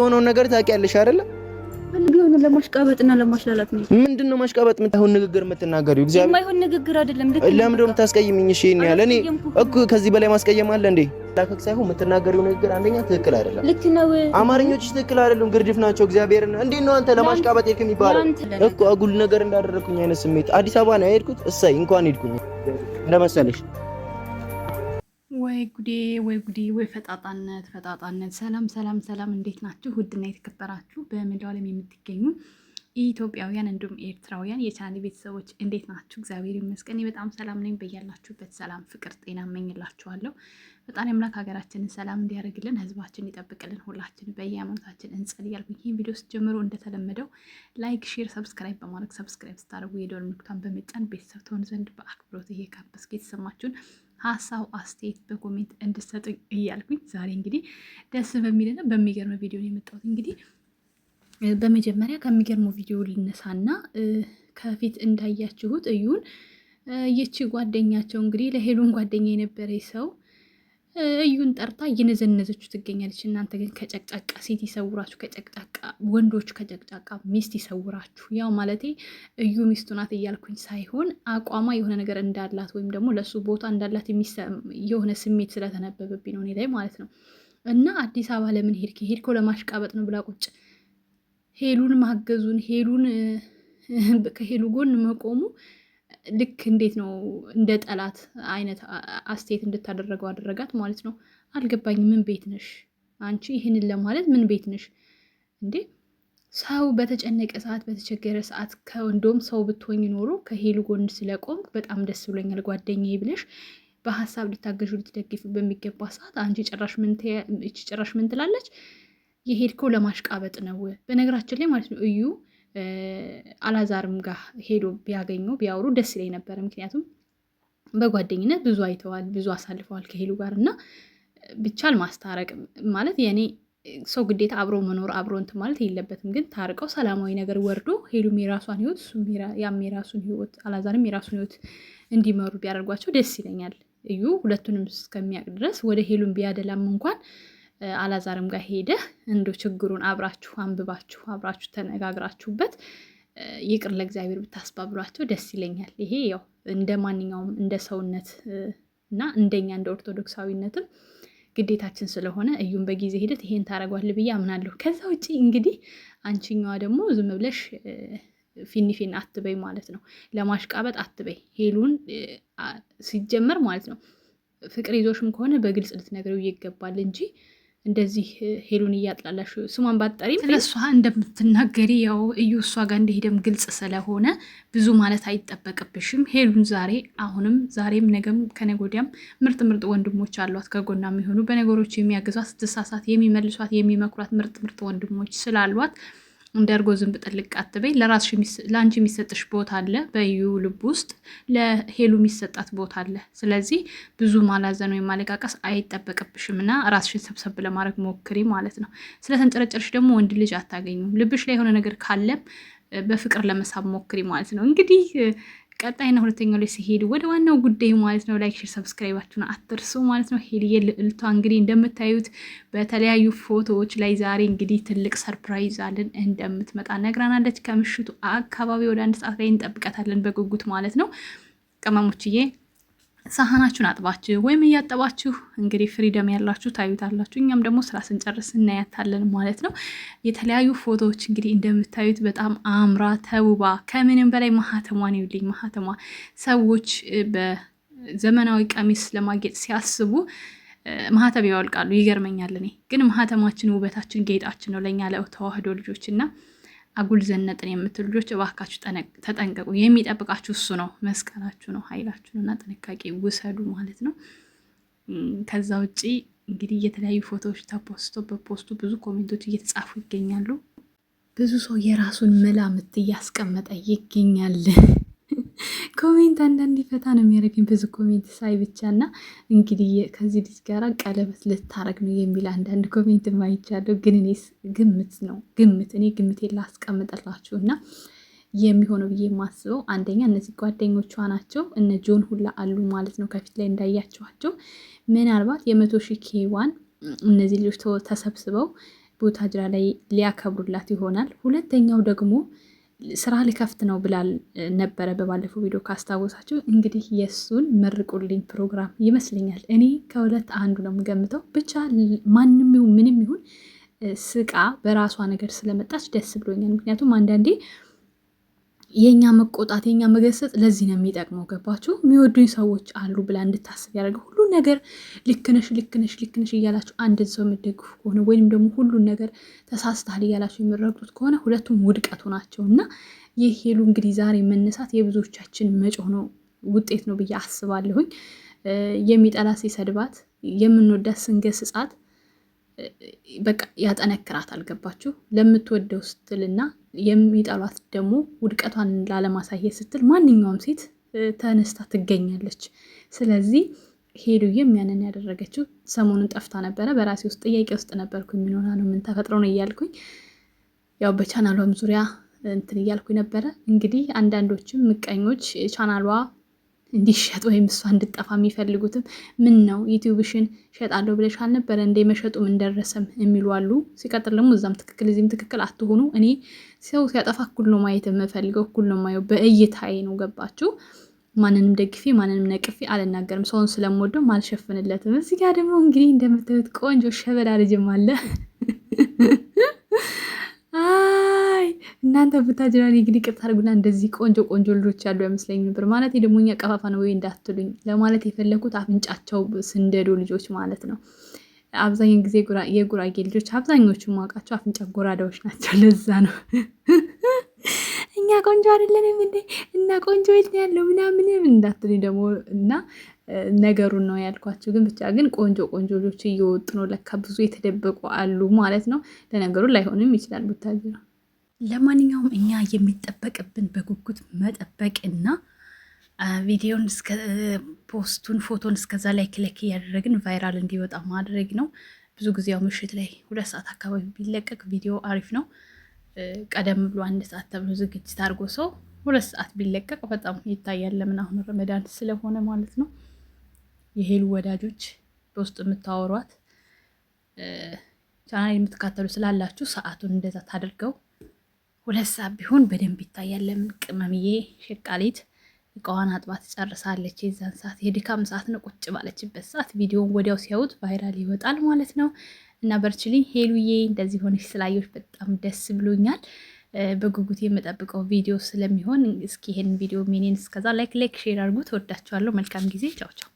የሆነውን ነገር ታውቂያለሽ አይደለ? ፈልገው ለማሽቃበጥና ለማሽላላት ነው። ምንድነው ማሽቃበጥ? የምታይሆን ንግግር የምትናገሪው እግዚአብሔር የማይሆን ንግግር አይደለም። ለምንድን ነው የምታስቀይምኝ? እሺ እኔ ያለ እኔ እኮ ከዚህ በላይ ማስቀየም አለ እንዴ? ላከክ ሳይሆን የምትናገሪው ንግግር አንደኛ ትክክል አይደለም። ልክ ነው። አማርኞችሽ ትክክል አይደሉም፣ ግርድፍ ናቸው። እግዚአብሔር እንዴት ነው አንተ ለማሽቃበጥ የልክ የሚባለው እኮ አጉል ነገር እንዳደረኩኝ አይነት ስሜት አዲስ አበባ ነው የሄድኩት። እሰይ እንኳን ሄድኩኝ ለመሰለሽ ወይ ጉዴ ወይ ጉዴ ወይ ፈጣጣነት ፈጣጣነት። ሰላም ሰላም ሰላም፣ እንዴት ናችሁ? ውድና የተከበራችሁ በመላው ዓለም የምትገኙ ኢትዮጵያውያን እንዲሁም ኤርትራውያን የቻናል ቤተሰቦች እንዴት ናችሁ? እግዚአብሔር ይመስገን በጣም ሰላም ነኝ። በያላችሁበት ሰላም፣ ፍቅር፣ ጤና እመኝላችኋለሁ። በጣም አምላክ ሀገራችንን ሰላም እንዲያደርግልን ህዝባችን ይጠብቅልን። ሁላችን በየሃይማኖታችን እንጸልያል። ይህን ቪዲዮ ስትጀምሩ እንደተለመደው ላይክ፣ ሼር፣ ሰብስክራይብ በማድረግ ሰብስክራይብ ስታደርጉ የደወል ምልክቷን በመጫን ቤተሰብ ትሆኑ ዘንድ በአክብሮት ይሄ ካምፕስ የተሰማችሁን ሀሳብ አስተያየት በኮሜንት እንድሰጥኝ እያልኩኝ ዛሬ እንግዲህ ደስ በሚልና በሚገርም ቪዲዮ ነው የመጣሁት። እንግዲህ በመጀመሪያ ከሚገርመው ቪዲዮ ልነሳና ከፊት እንዳያችሁት እዩን ይቺ ጓደኛቸው እንግዲህ ለሄሉን ጓደኛ የነበረ ሰው እዩን ጠርታ እየነዘነዘችው ትገኛለች። እናንተ ግን ከጨቅጫቃ ሴት ይሰውራችሁ፣ ከጨቅጫቃ ወንዶች፣ ከጨቅጫቃ ሚስት ይሰውራችሁ። ያው ማለቴ እዩ ሚስቱ ናት እያልኩኝ ሳይሆን አቋሟ የሆነ ነገር እንዳላት ወይም ደግሞ ለእሱ ቦታ እንዳላት የሆነ ስሜት ስለተነበበብኝ ነው እኔ ላይ ማለት ነው። እና አዲስ አበባ ለምን ሄድክ? ሄድከው ለማሽቃበጥ ነው ብላ ቁጭ ሄሉን ማገዙን ሄሉን ከሄሉ ጎን መቆሙ ልክ እንዴት ነው እንደ ጠላት አይነት አስተያየት እንድታደረገው አደረጋት ማለት ነው። አልገባኝ። ምን ቤት ነሽ አንቺ? ይህንን ለማለት ምን ቤት ነሽ እንዴ? ሰው በተጨነቀ ሰዓት በተቸገረ ሰዓት ከእንዶም ሰው ብትሆኝ ኖሮ ከሄሉ ጎን ስለቆም በጣም ደስ ብሎኛል ጓደኛዬ ብለሽ በሀሳብ ልታገዥ ልትደግፍ በሚገባ ሰዓት አንቺ ጭራሽ ምን ትላለች? የሄድከው ለማሽቃበጥ ነው። በነገራችን ላይ ማለት ነው እዩ አላዛርም ጋር ሄዶ ቢያገኙ ቢያወሩ ደስ ይለኝ ነበረ። ምክንያቱም በጓደኝነት ብዙ አይተዋል፣ ብዙ አሳልፈዋል ከሄሉ ጋር እና ብቻል ማስታረቅ ማለት የኔ ሰው ግዴታ አብሮ መኖር አብሮ እንትን ማለት የለበትም። ግን ታርቀው ሰላማዊ ነገር ወርዶ ሄሉም የራሷን ህይወት ያም የራሱን ህይወት አላዛርም የራሱን ህይወት እንዲመሩ ቢያደርጓቸው ደስ ይለኛል። እዩ ሁለቱንም እስከሚያውቅ ድረስ ወደ ሄሉም ቢያደላም እንኳን አላዛርም ጋር ሄደህ እንዶ ችግሩን አብራችሁ አንብባችሁ አብራችሁ ተነጋግራችሁበት ይቅር ለእግዚአብሔር ብታስባብሏቸው ደስ ይለኛል። ይሄ ያው እንደ ማንኛውም እንደ ሰውነት እና እንደኛ እንደ ኦርቶዶክሳዊነትም ግዴታችን ስለሆነ እዩም በጊዜ ሂደት ይሄን ታደርጓል ብዬ አምናለሁ። ከዛ ውጭ እንግዲህ አንቺኛዋ ደግሞ ዝም ብለሽ ፊኒፊን አትበይ ማለት ነው። ለማሽቃበጥ አትበይ ሄሉን ሲጀመር ማለት ነው። ፍቅር ይዞሽም ከሆነ በግልጽ ልትነግረው ይገባል እንጂ እንደዚህ ሄሉን እያጥላላሽ ስሟን ባትጠሪም ስለሷ እንደምትናገሪ ያው እዩ እሷ ጋር እንደሄደም ግልጽ ስለሆነ ብዙ ማለት አይጠበቅብሽም። ሄሉን ዛሬ አሁንም ዛሬም ነገም ከነጎዲያም ምርጥ ምርጥ ወንድሞች አሏት ከጎና የሚሆኑ በነገሮች የሚያግዟት ስትሳሳት የሚመልሷት የሚመክሯት ምርጥ ምርጥ ወንድሞች ስላሏት እንዲያርጎ ዝንብ ጥልቅ አትበይ። ለአንቺ የሚሰጥሽ ቦታ አለ፣ በዩ ልብ ውስጥ ለሄሉ የሚሰጣት ቦታ አለ። ስለዚህ ብዙ ማላዘን ወይም ማለቃቀስ አይጠበቅብሽም እና ራስሽን ሰብሰብ ለማድረግ ሞክሪ ማለት ነው። ስለተንጨረጨርሽ ደግሞ ወንድ ልጅ አታገኙም። ልብሽ ላይ የሆነ ነገር ካለም በፍቅር ለመሳብ ሞክሪ ማለት ነው። እንግዲህ ቀጣይና ሁለተኛው ላይ ሲሄድ ወደ ዋናው ጉዳይ ማለት ነው። ላይክ ሼር፣ ሰብስክራይባችሁን አትርሱ ማለት ነው። ሄድዬ ልዕልቷ እንግዲህ እንደምታዩት በተለያዩ ፎቶዎች ላይ ዛሬ እንግዲህ ትልቅ ሰርፕራይዝ አለን እንደምትመጣ ነግራናለች። ከምሽቱ አካባቢ ወደ አንድ ሰዓት ላይ እንጠብቃታለን በጉጉት ማለት ነው ቅመሞችዬ ሳህናችሁን አጥባችሁ ወይም እያጠባችሁ እንግዲህ ፍሪደም ያላችሁ ታዩታላችሁ። እኛም ደግሞ ስራ ስንጨርስ እናያታለን ማለት ነው። የተለያዩ ፎቶዎች እንግዲህ እንደምታዩት በጣም አምራ ተውባ፣ ከምንም በላይ ማህተሟን ይውልኝ ማህተሟ ሰዎች በዘመናዊ ቀሚስ ለማጌጥ ሲያስቡ ማህተብ ያወልቃሉ። ይገርመኛል። እኔ ግን ማህተማችን ውበታችን ጌጣችን ነው ለእኛ ለተዋህዶ ልጆች እና አጉል ዘነጥን የምትሉ ልጆች እባካችሁ ተጠንቀቁ። የሚጠብቃችሁ እሱ ነው፣ መስቀላችሁ ነው። ነው እና ጥንቃቄ ውሰዱ ማለት ነው። ከዛ ውጪ እንግዲህ የተለያዩ ፎቶዎች ተፖስቶ በፖስቱ ብዙ ኮሜንቶች እየተጻፉ ይገኛሉ። ብዙ ሰው የራሱን መላምት እያስቀመጠ ይገኛል። ኮሜንት አንዳንድ ፈታ ነው የሚያደርገኝ ብዙ ኮሜንት ሳይ ብቻ እና እንግዲህ ከዚህ ልጅ ጋር ቀለበት ልታረግ ነው የሚል አንዳንድ ኮሜንት ማይቻለው፣ ግን እኔ ግምት ነው ግምት እኔ ግምቴን ላስቀምጠላችሁ እና የሚሆነው ብዬ የማስበው አንደኛ እነዚህ ጓደኞቿ ናቸው። እነ ጆን ሁላ አሉ ማለት ነው ከፊት ላይ እንዳያቸዋቸው። ምናልባት የመቶ ሺህ ኬዋን እነዚህ ልጆች ተሰብስበው ቦታጅራ ላይ ሊያከብሩላት ይሆናል። ሁለተኛው ደግሞ ስራ ሊከፍት ነው ብላል ነበረ በባለፈው ቪዲዮ ካስታወሳችሁ። እንግዲህ የእሱን መርቁልኝ ፕሮግራም ይመስለኛል። እኔ ከሁለት አንዱ ነው የምገምተው። ብቻ ማንም ምንም ይሁን ስቃ በራሷ ነገር ስለመጣች ደስ ብሎኛል። ምክንያቱም አንዳንዴ የእኛ መቆጣት የኛ መገሰጥ ለዚህ ነው የሚጠቅመው። ገባችሁ? የሚወዱኝ ሰዎች አሉ ብላ እንድታስብ ያደርገው ሁሉ ነገር ልክነሽ ልክነሽ ልክነሽ እያላችሁ አንድን ሰው የምደግፉ ከሆነ ወይም ደግሞ ሁሉን ነገር ተሳስተሃል እያላችሁ የምረግጡት ከሆነ ሁለቱም ውድቀቱ ናቸው እና ይህ ሄሉ እንግዲህ ዛሬ መነሳት የብዙዎቻችን መጮህ ነው ውጤት ነው ብዬ አስባለሁኝ። የሚጠላት ሲሰድባት፣ የምንወዳት ስንገስጻት በቃ ያጠነክራት አልገባችሁ። ለምትወደው ስትልና የሚጠሏት ደግሞ ውድቀቷን ላለማሳየት ስትል ማንኛውም ሴት ተነስታ ትገኛለች። ስለዚህ ሄሉዬም ያንን ያደረገችው ሰሞኑን ጠፍታ ነበረ። በራሴ ውስጥ ጥያቄ ውስጥ ነበርኩኝ። ምን ሆና ነው ምን ተፈጥሮ ነው እያልኩኝ ያው በቻናሏም ዙሪያ እንትን እያልኩኝ ነበረ። እንግዲህ አንዳንዶችም ምቀኞች ቻናሏ እንዲሸጥ ወይም እሷ እንድጠፋ የሚፈልጉትም ምን ነው ዩቲዩብሽን ሸጣለሁ ብለሽ አልነበረ እንደ መሸጡ ምን ደረሰም የሚሉ አሉ። ሲቀጥል ደግሞ እዛም ትክክል እዚህም ትክክል አትሆኑ። እኔ ሰው ሲያጠፋ እኩል ነው ማየት የምፈልገው፣ እኩል ነው ማየው፣ በእይታዬ ነው። ገባችሁ? ማንንም ደግፌ ማንንም ነቅፌ አልናገርም። ሰውን ስለምወደው አልሸፍንለትም። እዚህ ጋር ደግሞ እንግዲህ እንደምታዩት ቆንጆ ሸበላ ልጅም አለ። እናንተ ብታጅራ እንግዲህ ቅርት አድርጉና እንደዚህ ቆንጆ ቆንጆ ልጆች ያሉ አይመስለኝ ነበር። ማለት ደግሞ እኛ ቀፋፋ ነው ወይ እንዳትሉኝ ለማለት የፈለግኩት አፍንጫቸው ስንደዶ ልጆች ማለት ነው። አብዛኛውን ጊዜ የጉራጌ ልጆች አብዛኞቹ ማውቃቸው አፍንጫ ጎራዳዎች ናቸው። ለዛ ነው እኛ ቆንጆ አይደለንም እንዴ እና ቆንጆ የት ነው ያለው ምናምንም እንዳትሉኝ ደግሞ እና ነገሩን ነው ያልኳቸው። ግን ብቻ ግን ቆንጆ ቆንጆ ልጆች እየወጡ ነው። ለካ ብዙ የተደበቁ አሉ ማለት ነው። ለነገሩ ላይሆንም ይችላል ቡታጅራ ለማንኛውም እኛ የሚጠበቅብን በጉጉት መጠበቅ እና ቪዲዮን ፖስቱን፣ ፎቶን እስከዛ ላይ ክለክ እያደረግን ቫይራል እንዲወጣ ማድረግ ነው። ብዙ ጊዜ ያው ምሽት ላይ ሁለት ሰዓት አካባቢ ቢለቀቅ ቪዲዮ አሪፍ ነው። ቀደም ብሎ አንድ ሰዓት ተብሎ ዝግጅት አድርጎ ሰው ሁለት ሰዓት ቢለቀቅ በጣም ይታያል። ለምን አሁን ረመዳን ስለሆነ ማለት ነው። የሄሉ ወዳጆች በውስጥ የምታወሯት ቻናል የምትካተሉ ስላላችሁ ሰዓቱን እንደዛ ታደርገው ሁለት ሰዓት ቢሆን በደንብ ይታያል። ለምን ቅመምዬ ሽቃሊት እቃዋን አጥባ ትጨርሳለች። የዛን ሰዓት የድካም ሰዓት ነው። ቁጭ ባለችበት ሰዓት ቪዲዮን ወዲያው ሲያዩት ቫይራል ይወጣል ማለት ነው። እና በርችልኝ ሄሉዬ፣ እንደዚህ ሆነች ስላየች በጣም ደስ ብሎኛል። በጉጉት የምጠብቀው ቪዲዮ ስለሚሆን እስኪ ይሄን ቪዲዮ ሚኒን እስከዛ ላይክ ላይክ ሼር አድርጉ። ተወዳችኋለሁ። መልካም ጊዜ። ቻው ቻው